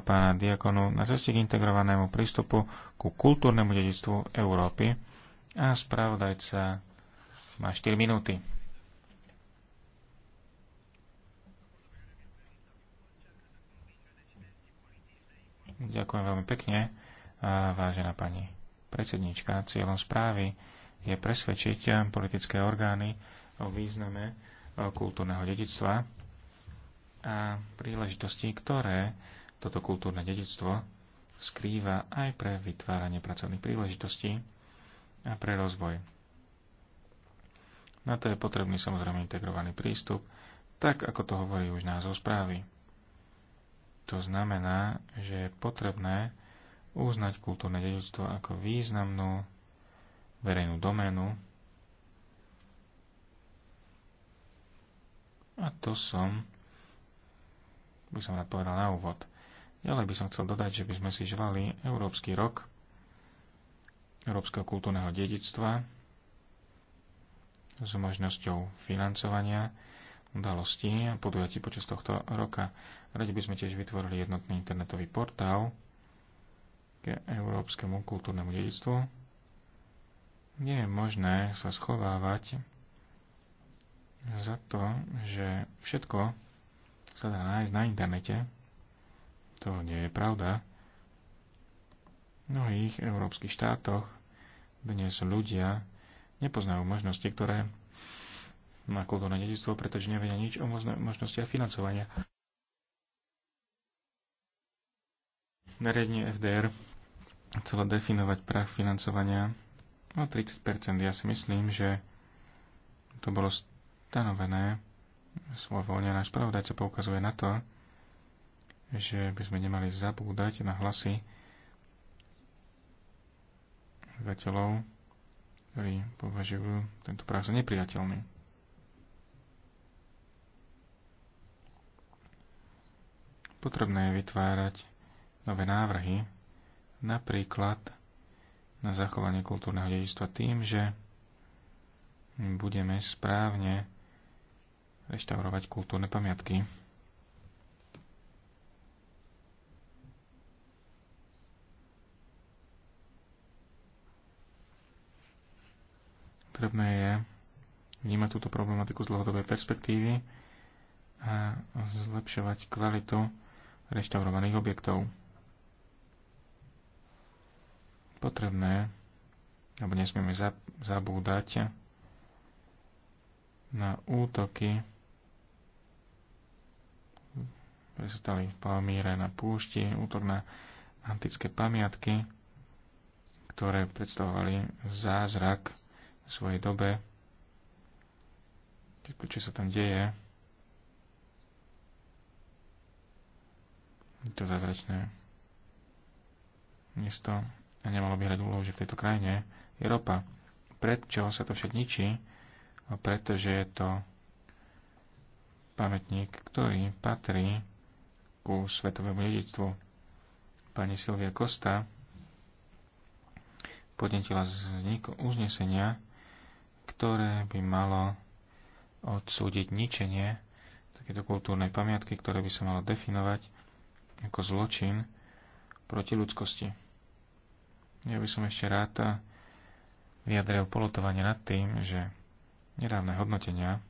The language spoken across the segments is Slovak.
a pána Diakonu na ceste k integrovanému prístupu ku kultúrnemu dedictvu Európy a spravodajca má 4 minúty. Ďakujem veľmi pekne, vážená pani predsednička. Cieľom správy je presvedčiť politické orgány o význame kultúrneho dedictva a príležitosti, ktoré toto kultúrne dedictvo skrýva aj pre vytváranie pracovných príležitostí a pre rozvoj. Na to je potrebný samozrejme integrovaný prístup, tak ako to hovorí už názov správy. To znamená, že je potrebné uznať kultúrne dedictvo ako významnú verejnú doménu a to som, by som rád povedal na úvod. Ďalej by som chcel dodať, že by sme si želali Európsky rok Európskeho kultúrneho dedictva s možnosťou financovania udalostí a podujatí počas tohto roka. Radi by sme tiež vytvorili jednotný internetový portál k európskemu kultúrnemu dedictvu. Nie je možné sa schovávať za to, že všetko sa dá nájsť na internete, to nie je pravda. V mnohých európskych štátoch dnes ľudia nepoznajú možnosti, ktoré má kultúrne dedictvo, pretože nevedia nič o možnostiach financovania. Nariadenie FDR chcelo definovať prach financovania o 30%. Ja si myslím, že to bolo stanovené, svoj voľne náš spravodajca poukazuje na to, že by sme nemali zabúdať na hlasy veteľov, ktorí považujú tento práv za nepriateľný. Potrebné je vytvárať nové návrhy, napríklad na zachovanie kultúrneho dedičstva tým, že budeme správne reštaurovať kultúrne pamiatky. potrebné je vnímať túto problematiku z dlhodobej perspektívy a zlepšovať kvalitu reštaurovaných objektov. Potrebné, alebo nesmieme zabúdať na útoky, ktoré sa stali v Palmíre na púšti, útok na antické pamiatky, ktoré predstavovali zázrak svojej dobe, všetko, čo sa tam deje, je to zázračné miesto a nemalo by hrať úlohu, že v tejto krajine je ropa. Prečo sa to však ničí? Pretože je to pamätník, ktorý patrí ku svetovému dedičstvu. Pani Silvia Kosta podnetila vznik uznesenia ktoré by malo odsúdiť ničenie takéto kultúrnej pamiatky, ktoré by sa malo definovať ako zločin proti ľudskosti. Ja by som ešte rád vyjadril polotovanie nad tým, že nedávne hodnotenia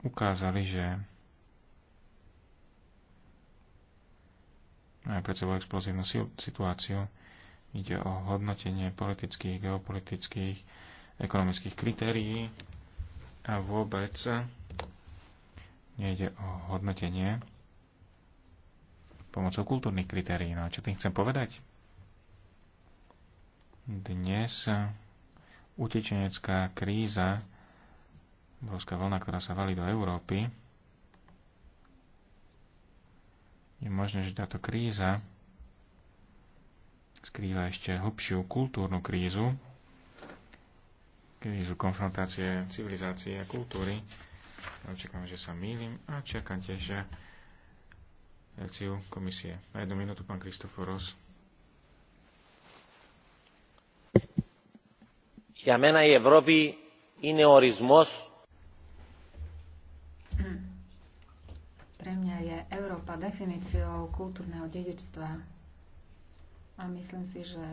ukázali, že máme pred sebou explozívnu situáciu, Ide o hodnotenie politických, geopolitických, ekonomických kritérií a vôbec nejde o hodnotenie pomocou kultúrnych kritérií. No a čo tým chcem povedať? Dnes utečenecká kríza, obrovská vlna, ktorá sa valí do Európy, je možné, že táto kríza skrýva ešte hlbšiu kultúrnu krízu, krízu konfrontácie civilizácie a kultúry. Očakám, že sa mýlim a čakám tiež, že reakciu komisie. Na jednu minútu pán Kristoforos. Για μένα η Ευρώπη είναι ορισμός. Hm. Pre mňa je Európa definíciou kultúrneho dedičstva. A myslím si, že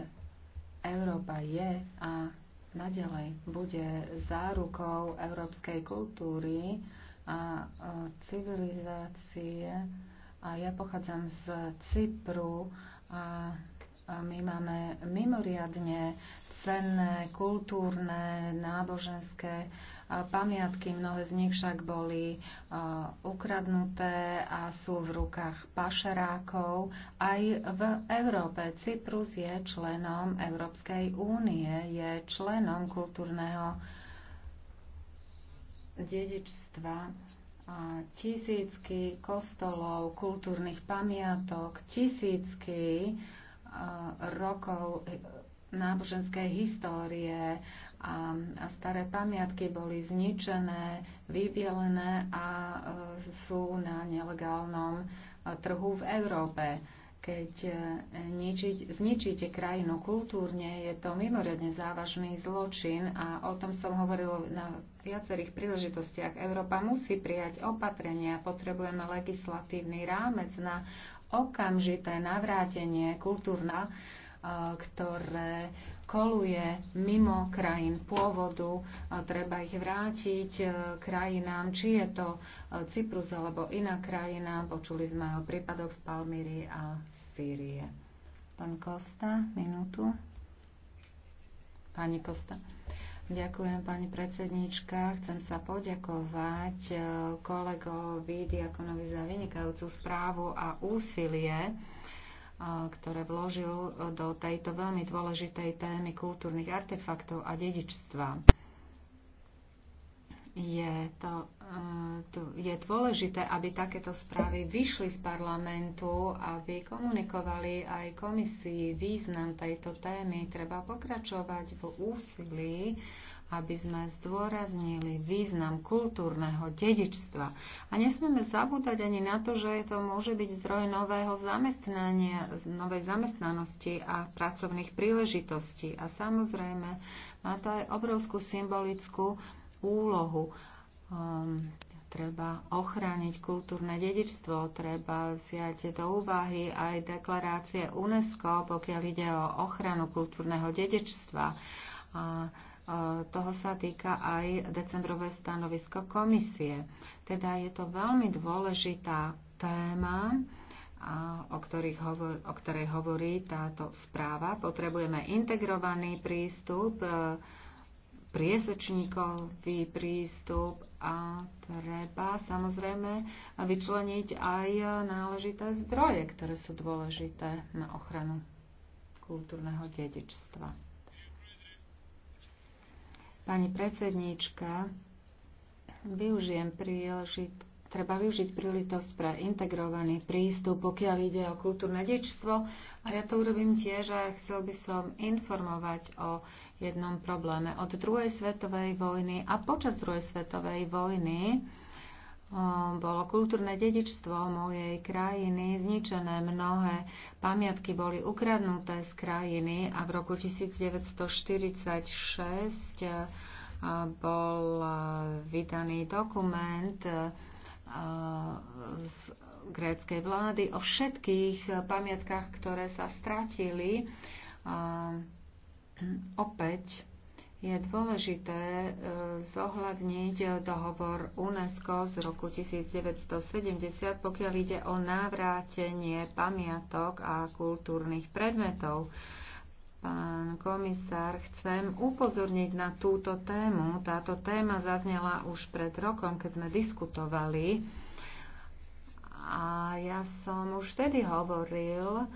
Európa je a naďalej bude zárukou európskej kultúry a civilizácie. A ja pochádzam z Cypru a my máme mimoriadne cenné kultúrne, náboženské pamiatky, mnohé z nich však boli ukradnuté a sú v rukách pašerákov. Aj v Európe Cyprus je členom Európskej únie, je členom kultúrneho dedičstva tisícky kostolov, kultúrnych pamiatok, tisícky rokov e, náboženskej histórie, a, a staré pamiatky boli zničené, vybielené a e, sú na nelegálnom e, trhu v Európe. Keď e, ničiť, zničíte krajinu kultúrne, je to mimoriadne závažný zločin a o tom som hovoril na viacerých príležitostiach. Európa musí prijať opatrenia, potrebujeme legislatívny rámec na okamžité navrátenie kultúrna, ktoré koluje mimo krajín pôvodu, treba ich vrátiť e, krajinám, či je to e, Cyprus alebo iná krajina. Počuli sme o prípadoch z Palmíry a Sýrie. Pán Kosta, minútu. Pani Kosta. Ďakujem, pani predsednička. Chcem sa poďakovať e, kolegovi Diakonovi za vynikajúcu správu a úsilie ktoré vložil e, do tejto veľmi dôležitej témy kultúrnych artefaktov a dedičstva. Je, to, e, je dôležité, aby takéto správy vyšli z parlamentu, aby komunikovali aj komisii význam tejto témy. Treba pokračovať v úsilí aby sme zdôraznili význam kultúrneho dedičstva. A nesmieme zabúdať ani na to, že to môže byť zdroj nového zamestnania, novej zamestnanosti a pracovných príležitostí. A samozrejme má to aj obrovskú symbolickú úlohu. Um, treba ochrániť kultúrne dedičstvo, treba vziať do úvahy aj deklarácie UNESCO, pokiaľ ide o ochranu kultúrneho dedičstva a toho sa týka aj decembrové stanovisko komisie. Teda je to veľmi dôležitá téma, o, ktorých hovor, o ktorej hovorí táto správa. Potrebujeme integrovaný prístup, e, priesečníkový prístup a treba samozrejme vyčleniť aj náležité zdroje, ktoré sú dôležité na ochranu kultúrneho dedičstva. Pani predsedníčka, využijem príležit, treba využiť príležitosť pre integrovaný prístup, pokiaľ ide o kultúrne dedičstvo. A ja to urobím tiež a chcel by som informovať o jednom probléme. Od druhej svetovej vojny a počas druhej svetovej vojny Ehm, bolo kultúrne dedičstvo mojej krajiny zničené, mnohé pamiatky boli ukradnuté z krajiny a v roku 1946 ehm, bol eh, vydaný dokument eh, z gréckej vlády o všetkých pamiatkách, ktoré sa stratili. Ehm, opäť je dôležité e, zohľadniť dohovor UNESCO z roku 1970, pokiaľ ide o navrátenie pamiatok a kultúrnych predmetov. Pán komisár, chcem upozorniť na túto tému. Táto téma zaznela už pred rokom, keď sme diskutovali. A ja som už vtedy hovoril,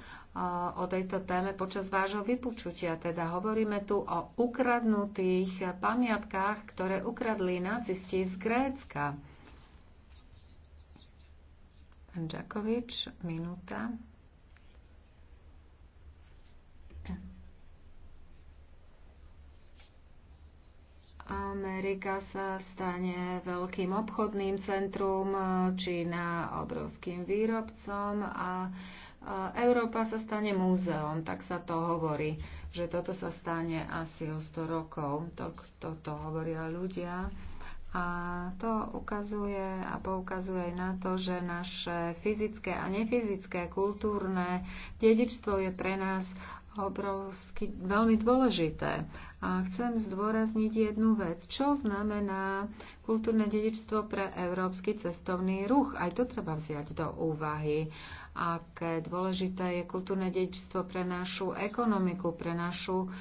o tejto téme počas vášho vypočutia. Teda hovoríme tu o ukradnutých pamiatkách, ktoré ukradli nacisti z Grécka. Pán Žakovič, minúta. Amerika sa stane veľkým obchodným centrum, Čína obrovským výrobcom a Európa sa stane múzeom, tak sa to hovorí, že toto sa stane asi o 100 rokov. To, toto hovoria ľudia. A to ukazuje a poukazuje aj na to, že naše fyzické a nefyzické kultúrne dedičstvo je pre nás obrovsky veľmi dôležité. A chcem zdôrazniť jednu vec. Čo znamená kultúrne dedičstvo pre európsky cestovný ruch? Aj to treba vziať do úvahy aké dôležité je kultúrne dedičstvo pre našu ekonomiku, pre našu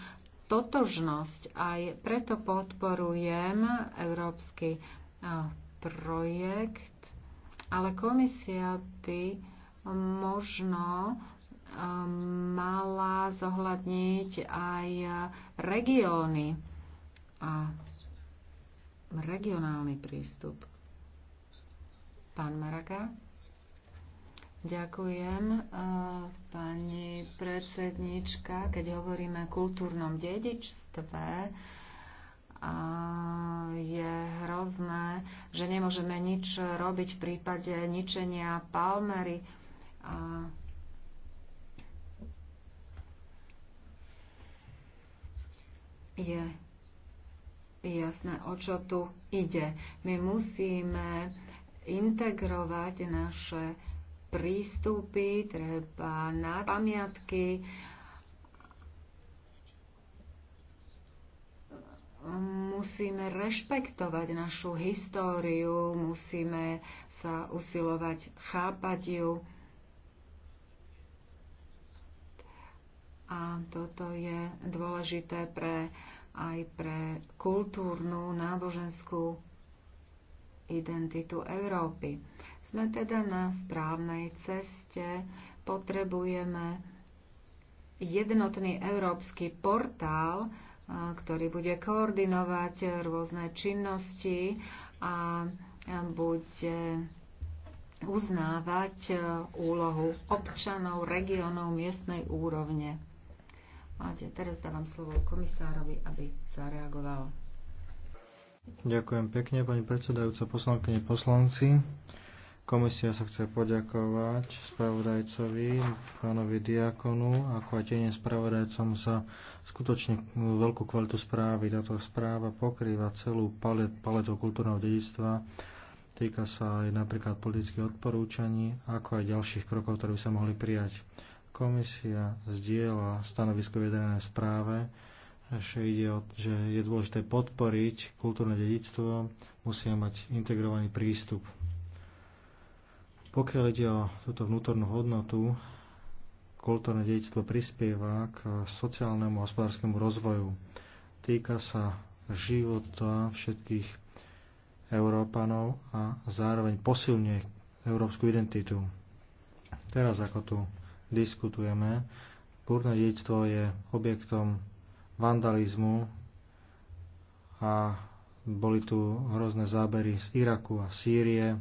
totožnosť. Aj preto podporujem európsky projekt, ale komisia by možno mala zohľadniť aj regióny a regionálny prístup. Pán Maraga? Ďakujem, e, pani predsednička. Keď hovoríme o kultúrnom dedičstve, je hrozné, že nemôžeme nič robiť v prípade ničenia palmery. A je jasné, o čo tu ide. My musíme integrovať naše prístupy, treba na pamiatky. Musíme rešpektovať našu históriu, musíme sa usilovať chápať ju. A toto je dôležité pre, aj pre kultúrnu, náboženskú identitu Európy. Sme teda na správnej ceste, potrebujeme jednotný európsky portál, ktorý bude koordinovať rôzne činnosti a bude uznávať úlohu občanov, regionov, miestnej úrovne. Máte, teraz dávam slovo komisárovi, aby zareagoval. Ďakujem pekne, pani predsedajúca, poslankyne, poslanci. Komisia sa chce poďakovať spravodajcovi, pánovi Diakonu, ako aj teniem spravodajcom za skutočne veľkú kvalitu správy. Táto správa pokrýva celú palet, paletu kultúrneho dedictva. Týka sa aj napríklad politických odporúčaní, ako aj ďalších krokov, ktoré by sa mohli prijať. Komisia zdieľa stanovisko vedené správe, že, ide o, že je dôležité podporiť kultúrne dedictvo, musia mať integrovaný prístup pokiaľ ide o túto vnútornú hodnotu, kultúrne dedictvo prispieva k sociálnemu a hospodárskému rozvoju. Týka sa života všetkých Európanov a zároveň posilňuje európsku identitu. Teraz, ako tu diskutujeme, kultúrne dedictvo je objektom vandalizmu a boli tu hrozné zábery z Iraku a Sýrie,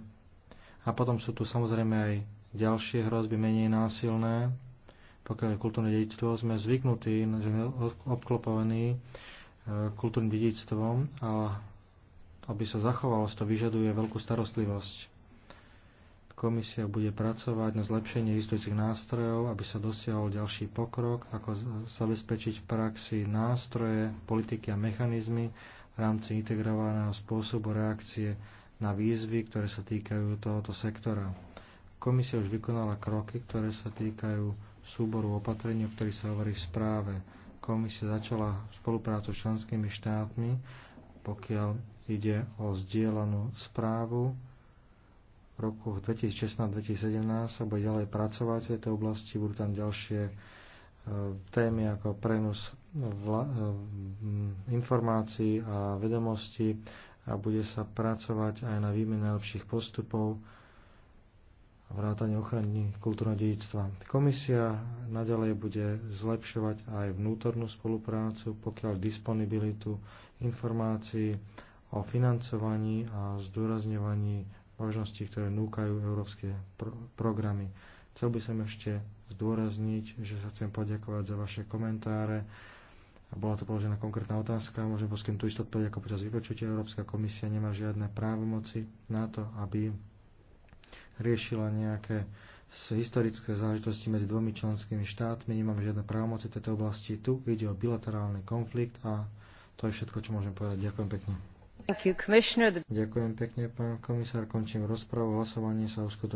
a potom sú tu samozrejme aj ďalšie hrozby, menej násilné. Pokiaľ je kultúrne dedictvo, sme zvyknutí, že sme obklopovaní e, kultúrnym dedictvom, ale aby sa zachovalo, to vyžaduje veľkú starostlivosť. Komisia bude pracovať na zlepšenie existujúcich nástrojov, aby sa dosiahol ďalší pokrok, ako zabezpečiť v praxi nástroje, politiky a mechanizmy v rámci integrovaného spôsobu reakcie na výzvy, ktoré sa týkajú tohoto sektora. Komisia už vykonala kroky, ktoré sa týkajú súboru opatrení, o ktorých sa hovorí v správe. Komisia začala spoluprácu s členskými štátmi, pokiaľ ide o zdieľanú správu. V roku 2016-2017 sa bude ďalej pracovať v tejto oblasti, budú tam ďalšie e, témy ako prenos e, informácií a vedomostí, a bude sa pracovať aj na výmene lepších postupov a vrátanie ochrany kultúrneho dedictva. Komisia naďalej bude zlepšovať aj vnútornú spoluprácu, pokiaľ disponibilitu informácií o financovaní a zdôrazňovaní možností, ktoré núkajú európske pro- programy. Chcel by som ešte zdôrazniť, že sa chcem poďakovať za vaše komentáre, a bola to položená konkrétna otázka, môžem poskytnúť tú istú odpoveď ako počas vypočutia. Európska komisia nemá žiadne právomoci na to, aby riešila nejaké historické záležitosti medzi dvomi členskými štátmi, nemáme žiadne právomoci tejto oblasti. Tu ide o bilaterálny konflikt a to je všetko, čo môžem povedať. Ďakujem pekne. Ďakujem pekne, pán komisár. Končím rozpravu. Hlasovanie sa uskutoční.